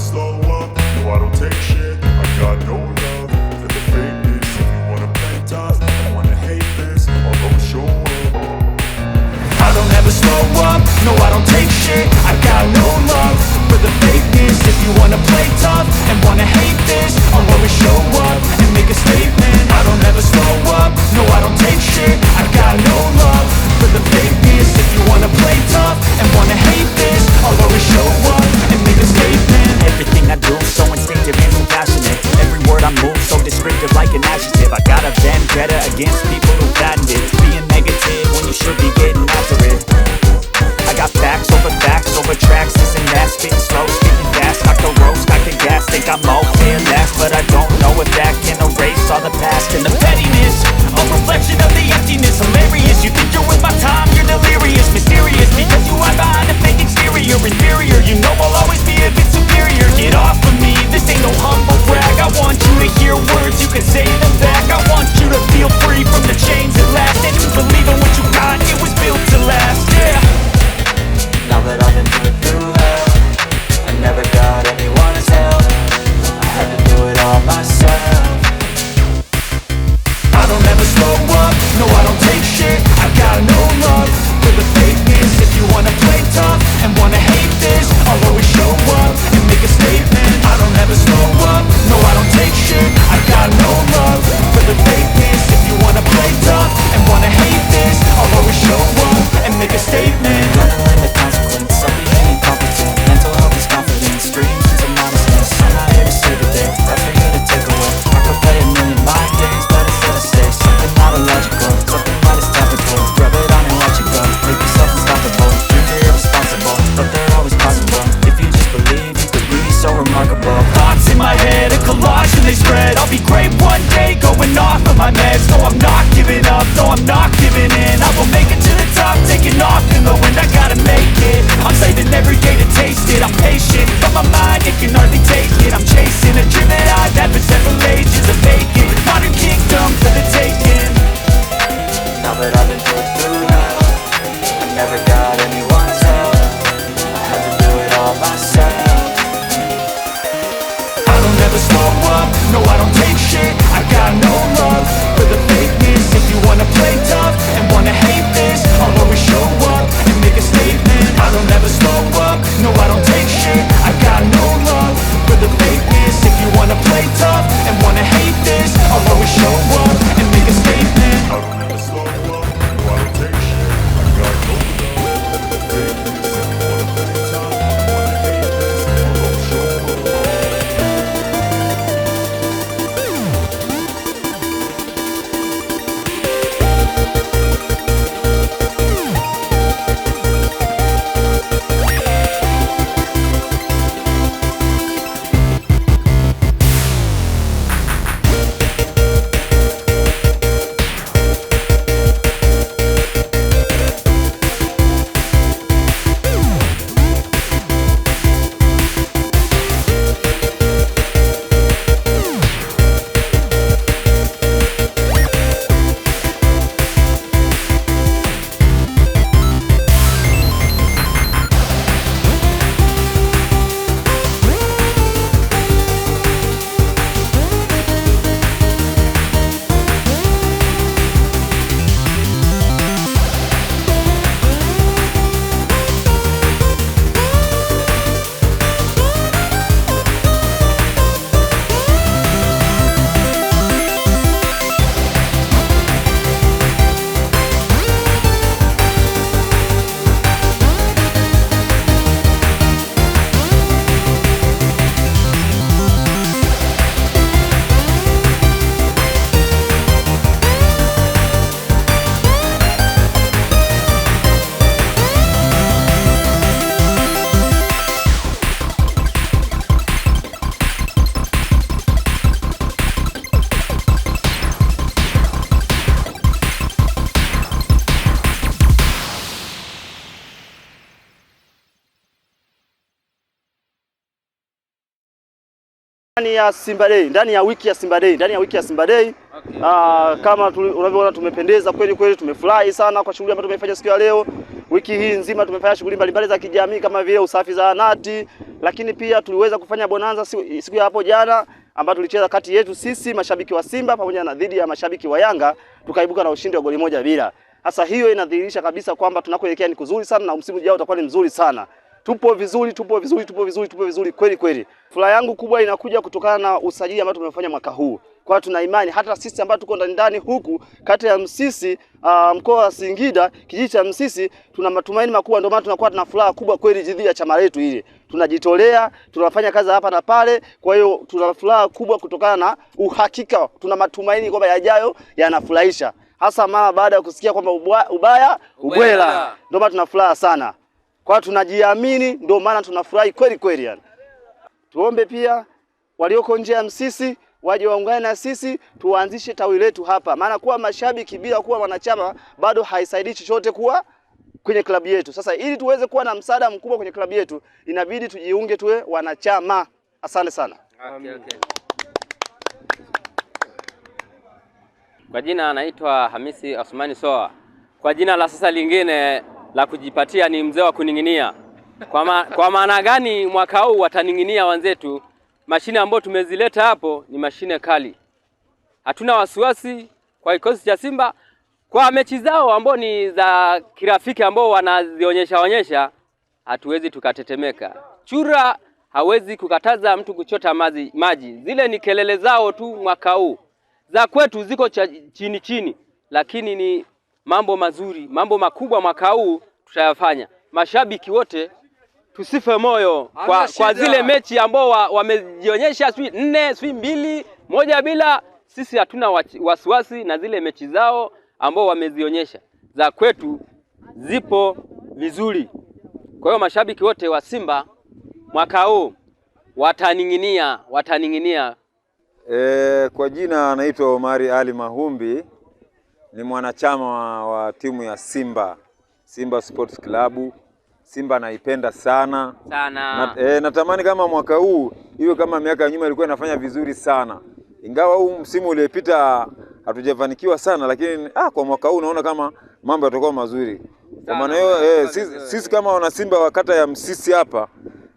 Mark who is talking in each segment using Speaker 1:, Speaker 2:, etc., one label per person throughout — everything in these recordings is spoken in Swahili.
Speaker 1: slow word, I move so descriptive like an adjective I got a vendetta against people who it. Being negative when you should be getting after it I got facts over facts over tracks, this and that Spitting slow, spitting fast, Got the ropes, got the gas Think I'm all at but I don't know if that can erase all the past In the every day ndani ya Simba Day, ndani ya wiki ya Simba Day, ndani ya wiki ya Simba Day. Okay. Aa, ah, kama unavyoona tumependeza kweli kweli, tumefurahi sana kwa shughuli ambayo tumefanya siku ya leo. Wiki hii nzima tumefanya shughuli mbalimbali za kijamii kama vile usafi anati, lakini pia tuliweza kufanya bonanza siku ya hapo jana ambayo tulicheza kati yetu sisi mashabiki wa Simba pamoja na dhidi ya mashabiki wa Yanga, tukaibuka na ushindi wa goli moja bila. Sasa hiyo inadhihirisha kabisa kwamba tunakoelekea ni kuzuri sana na msimu ujao utakuwa ni mzuri sana. Tupo vizuri, tupo vizuri, tupo vizuri, tupo vizuri kweli kweli. Furaha yangu kubwa inakuja kutokana na usajili ambao tumefanya mwaka huu. Kwa tuna imani hata sisi ambao tuko ndani ndani huku kati ya Msisi uh, mkoa wa Singida kijiji cha Msisi tuna matumaini makubwa, ndio maana tunakuwa tuna furaha kubwa kweli jidhi ya chama letu hili. Tunajitolea, tunafanya kazi hapa na pale, kwa hiyo tuna furaha kubwa kutokana na uhakika. Tuna matumaini kwamba yajayo yanafurahisha, hasa mara baada ya kusikia kwamba ubaya ubwela, ndio maana tuna furaha sana kwa tunajiamini, ndio maana tunafurahi kweli kweli. Yani tuombe pia walioko nje ya Msisi waje waungane na sisi tuanzishe tawi letu hapa, maana kuwa mashabiki bila kuwa wanachama bado haisaidii chochote kuwa kwenye klabu yetu. Sasa ili tuweze kuwa na msaada mkubwa kwenye klabu yetu inabidi tujiunge, tuwe wanachama. Asante sana. Okay, okay.
Speaker 2: Kwa jina anaitwa Hamisi Osmani Soa, kwa jina la sasa lingine la kujipatia ni mzee wa kuning'inia. Kwa, ma, kwa maana gani mwaka huu wataning'inia wenzetu? Mashine ambayo tumezileta hapo ni mashine kali, hatuna wasiwasi kwa kikosi cha Simba kwa mechi zao ambao ni za kirafiki ambao wanazionyesha onyesha, hatuwezi tukatetemeka. Chura hawezi kukataza mtu kuchota maji maji. Zile ni kelele zao tu mwaka huu, za kwetu ziko cha, chini chini, lakini ni mambo mazuri, mambo makubwa mwaka huu tutayafanya. Mashabiki wote tusife moyo kwa, kwa zile mechi ambao wamejionyesha wa swi nne swi mbili moja bila. Sisi hatuna wasiwasi na zile mechi zao ambao wamezionyesha, za kwetu zipo vizuri. Kwa hiyo mashabiki wote wa Simba mwaka huu wataning'inia, wataning'inia.
Speaker 3: E, kwa jina anaitwa Omari Ali Mahumbi ni mwanachama wa, wa timu ya Simba Simba Sports Club. Simba naipenda sana sana. Na, e, natamani kama mwaka huu iwe kama miaka ya nyuma ilikuwa inafanya vizuri sana, ingawa huu msimu uliopita hatujafanikiwa sana, lakini ah, kwa mwaka huu naona kama mambo yatakuwa mazuri. Kwa maana hiyo e, sisi, sisi kama wana Simba wa kata ya Msisi hapa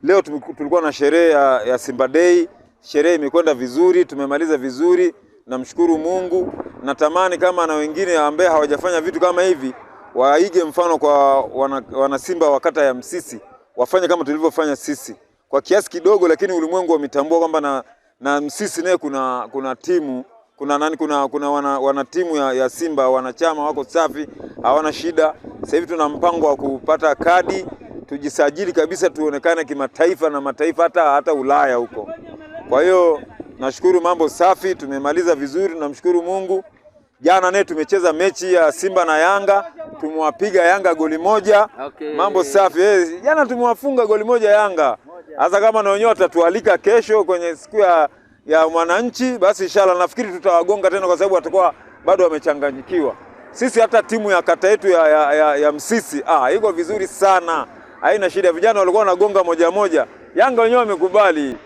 Speaker 3: leo tulikuwa na sherehe ya, ya Simba Day. Sherehe imekwenda vizuri, tumemaliza vizuri namshukuru Mungu. Natamani kama na wengine ambaye hawajafanya vitu kama hivi waige mfano kwa wana, wana Simba wa kata ya Msisi wafanye kama tulivyofanya sisi kwa kiasi kidogo, lakini ulimwengu wametambua kwamba na, na Msisi naye kuna, kuna timu kuna nani kuna, kuna wana, wana timu ya, ya Simba wanachama wako safi, hawana shida. Sasa hivi tuna mpango wa kupata kadi tujisajili kabisa, tuonekane kimataifa na mataifa hata hata Ulaya huko. Kwa hiyo Nashukuru mambo safi, tumemaliza vizuri, namshukuru Mungu. Jana naye tumecheza mechi ya Simba na Yanga, tumewapiga Yanga goli moja. Okay. Mambo safi. Eh, jana tumewafunga goli moja Yanga. Hasa kama na wenyewe watatualika kesho kwenye siku ya ya mwananchi, basi inshallah nafikiri tutawagonga tena, kwa sababu watakuwa bado wamechanganyikiwa. Sisi hata timu ya kata yetu ya, ya, ya, ya Msisi ah, iko vizuri sana, haina shida. Vijana walikuwa wanagonga moja moja, Yanga wenyewe wamekubali.